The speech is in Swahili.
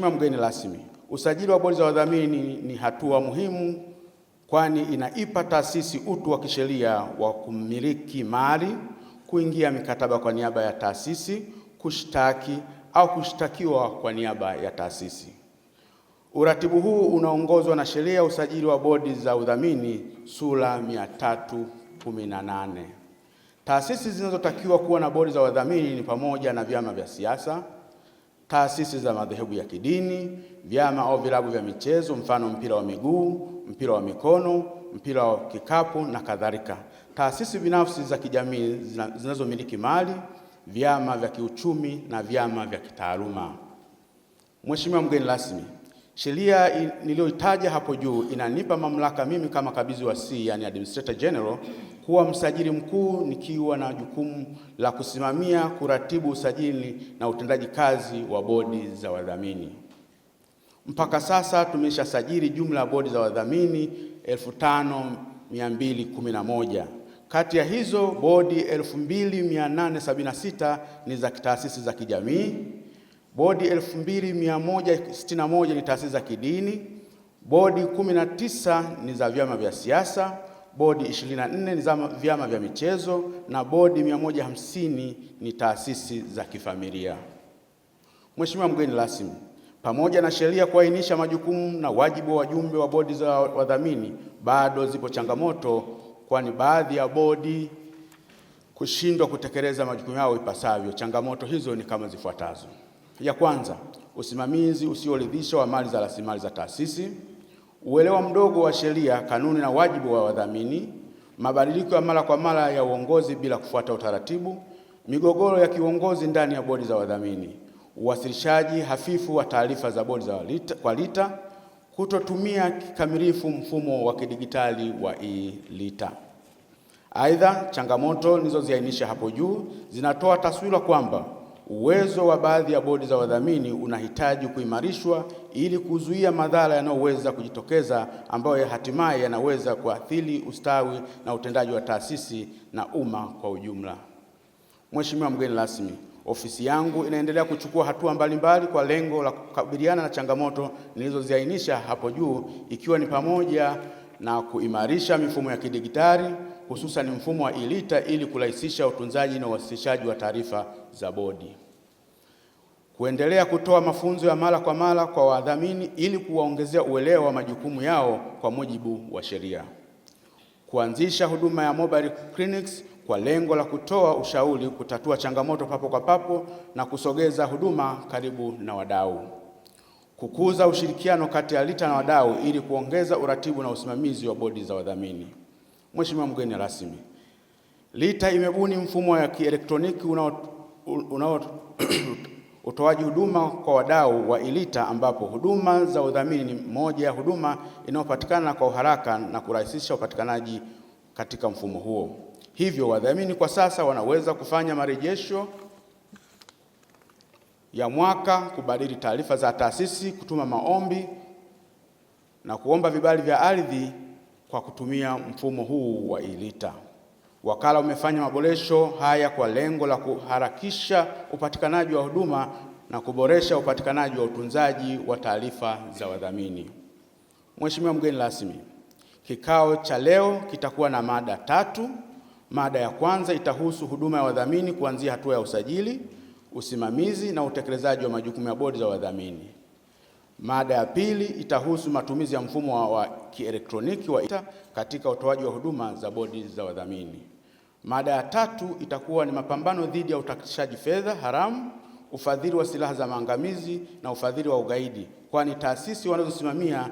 Mheshimiwa mgeni rasmi, usajili wa bodi za wadhamini ni hatua muhimu, kwani inaipa taasisi utu wa kisheria wa kumiliki mali, kuingia mikataba kwa niaba ya taasisi, kushtaki au kushtakiwa kwa niaba ya taasisi. Uratibu huu unaongozwa na sheria ya usajili wa bodi za udhamini sura 318. Taasisi zinazotakiwa kuwa na bodi za wadhamini ni pamoja na vyama vya siasa taasisi za madhehebu ya kidini, vyama au vilabu vya michezo, mfano mpira wa miguu, mpira wa mikono, mpira wa kikapu na kadhalika, taasisi binafsi za kijamii zinazomiliki mali, vyama vya kiuchumi na vyama vya kitaaluma. Mheshimiwa mgeni rasmi, Sheria niliyoitaja hapo juu inanipa mamlaka mimi kama kabidhi wa C, yani administrator general, kuwa msajili mkuu nikiwa na jukumu la kusimamia, kuratibu usajili na utendaji kazi wa bodi za wadhamini. Mpaka sasa tumeshasajili jumla ya bodi za wadhamini 5211. Kati ya hizo bodi 2876 ni za taasisi za kijamii bodi 2161 ni taasisi za kidini, bodi 19 ni za vyama vya siasa, bodi 24 ni za vyama vya michezo na bodi 150 ni taasisi za kifamilia. Mheshimiwa mgeni rasmi, pamoja na sheria kuainisha majukumu na wajibu wa wajumbe wa bodi za wadhamini, bado zipo changamoto, kwani baadhi ya bodi kushindwa kutekeleza majukumu yao ipasavyo. Changamoto hizo ni kama zifuatazo. Ya kwanza, usimamizi usioridhisha wa mali za rasilimali za taasisi, uelewa mdogo wa sheria, kanuni na wajibu wa wadhamini, mabadiliko ya mara kwa mara ya uongozi bila kufuata utaratibu, migogoro ya kiuongozi ndani ya bodi za wadhamini, uwasilishaji hafifu wa taarifa za bodi za kwa LITA, kutotumia kikamilifu mfumo wa kidigitali wa e-LITA. Aidha, changamoto nilizoziainisha hapo juu zinatoa taswira kwamba uwezo wa baadhi ya bodi za wadhamini unahitaji kuimarishwa ili kuzuia madhara yanayoweza kujitokeza ambayo hatimaye yanaweza kuathiri ustawi na utendaji wa taasisi na umma kwa ujumla. Mheshimiwa mgeni rasmi, ofisi yangu inaendelea kuchukua hatua mbalimbali kwa lengo la kukabiliana na changamoto nilizoziainisha hapo juu, ikiwa ni pamoja na kuimarisha mifumo ya kidigitali hususan mfumo wa ILITA ili kurahisisha utunzaji na uwasilishaji wa taarifa za bodi. Kuendelea kutoa mafunzo ya mara kwa mara kwa wadhamini ili kuwaongezea uelewa wa majukumu yao kwa mujibu wa sheria. Kuanzisha huduma ya mobile clinics kwa lengo la kutoa ushauri, kutatua changamoto papo kwa papo na kusogeza huduma karibu na wadau. Kukuza ushirikiano kati ya ILITA na wadau ili kuongeza uratibu na usimamizi wa bodi za wadhamini. Mheshimiwa mgeni rasmi, LITA imebuni mfumo wa kielektroniki unao utoaji huduma kwa wadau wa ILITA ambapo huduma za udhamini ni moja ya huduma inayopatikana kwa uharaka na kurahisisha upatikanaji katika mfumo huo. Hivyo wadhamini kwa sasa wanaweza kufanya marejesho ya mwaka, kubadili taarifa za taasisi, kutuma maombi na kuomba vibali vya ardhi kwa kutumia mfumo huu wa ilita Wakala umefanya maboresho haya kwa lengo la kuharakisha upatikanaji wa huduma na kuboresha upatikanaji wa utunzaji wa taarifa za wadhamini. Mheshimiwa mgeni rasmi, kikao cha leo kitakuwa na mada tatu. Mada ya kwanza itahusu huduma ya wadhamini kuanzia hatua ya usajili, usimamizi na utekelezaji wa majukumu ya bodi za wadhamini. Mada ya pili itahusu matumizi ya mfumo wa kielektroniki wa ITA katika utoaji wa huduma za bodi za wadhamini. Mada ya tatu itakuwa ni mapambano dhidi ya utakatishaji fedha haramu, ufadhili wa silaha za maangamizi na ufadhili wa ugaidi, kwani taasisi wanazosimamia